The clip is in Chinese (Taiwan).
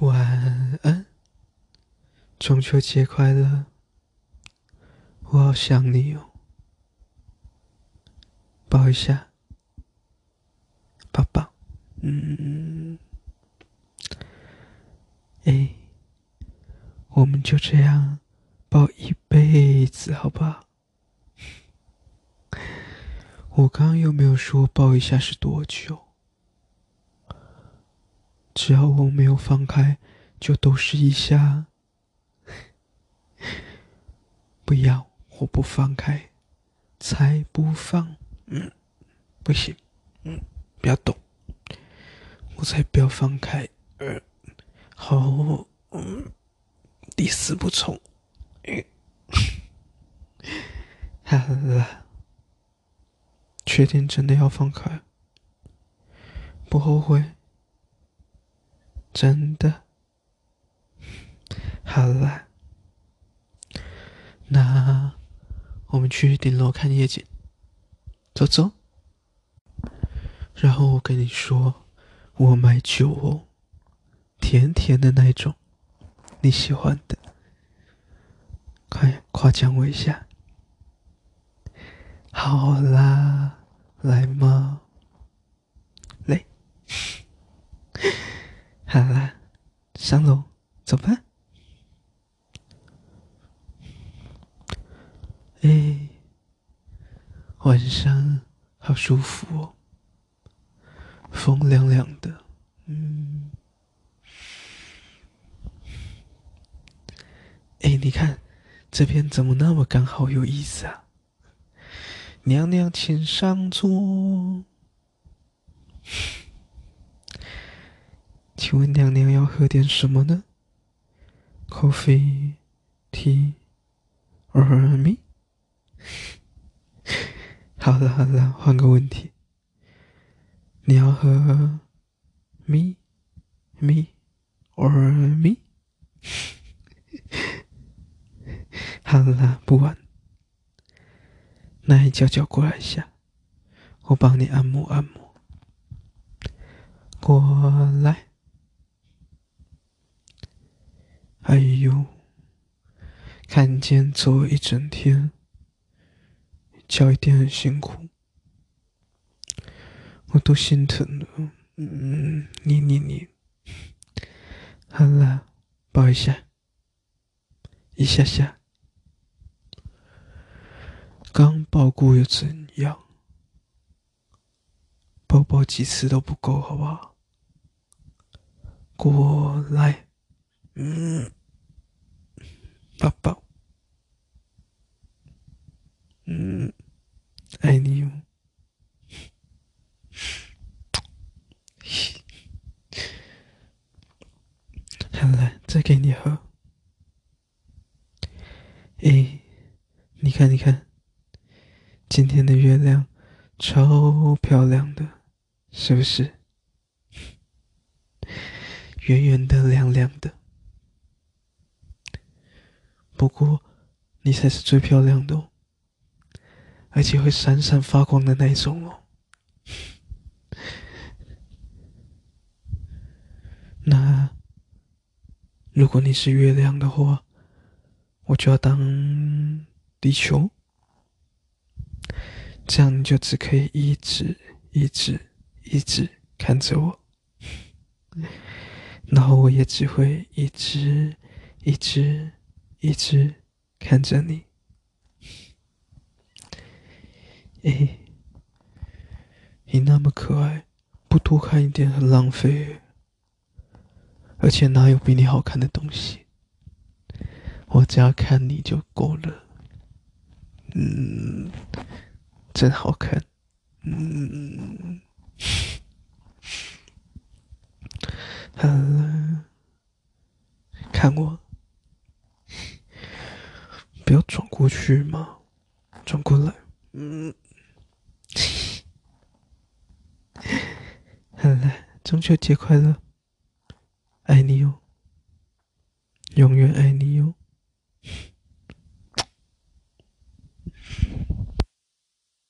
晚安，中秋節快樂！我好想你哦，抱一下，抱抱，嗯嗯，哎，我們就這樣抱一輩子，好吧？我剛剛又沒有說抱一下是多久？只要我沒有放開，就都試一下，啊。 不要，我不放開，才不放。嗯，不行、嗯，不要動，我才不要放開。嗯、好，好，好、嗯，第四步，從、嗯。 好了，確定真的要放開？不後悔。真的，好啦，那我們去頂樓看夜景，走走。然後我跟你說，我買酒哦，甜甜的那一種，你喜歡的，快誇獎我一下。好啦，來嘛。三樓，走吧。哎、欸，晚上好舒服哦，風涼涼的。嗯，哎、欸，你看，這邊怎麼那麼剛？好有意思啊！娘娘，請上座。請問娘娘要喝點什麼呢？Coffee, tea, or me？ 好了好了，換個問題。你要喝 me, me, or me？ 好了不玩，那你腳腳過來一下，我幫你按摩按摩。過來。看妳走了一整天，腳一定很辛苦，我都心疼了。嗯你你你，好啦，抱一下，一下下。剛抱過又怎樣？抱抱幾次都不夠，好不好？過來，嗯，抱抱。來，再給你喝。哎，你看，你看，今天的月亮超漂亮的，是不是？圓圓的，亮亮的。不過，你才是最漂亮的哦，而且會閃閃發光的那一種哦。如果你是月亮的話，我就要當地球。這樣你就只可以一直、一直、一直看着我，然後我也只會一直、一直、一直看着你。誒、哎，你那麼可愛，不多看一點很浪費。而且哪有比你好看的東西？我只要看你就夠了。嗯，真好看。嗯，好了，看我，不要轉過去嘛，轉過來。嗯，好了，中秋節快樂。愛你喲、哦，永遠愛你喲、哦。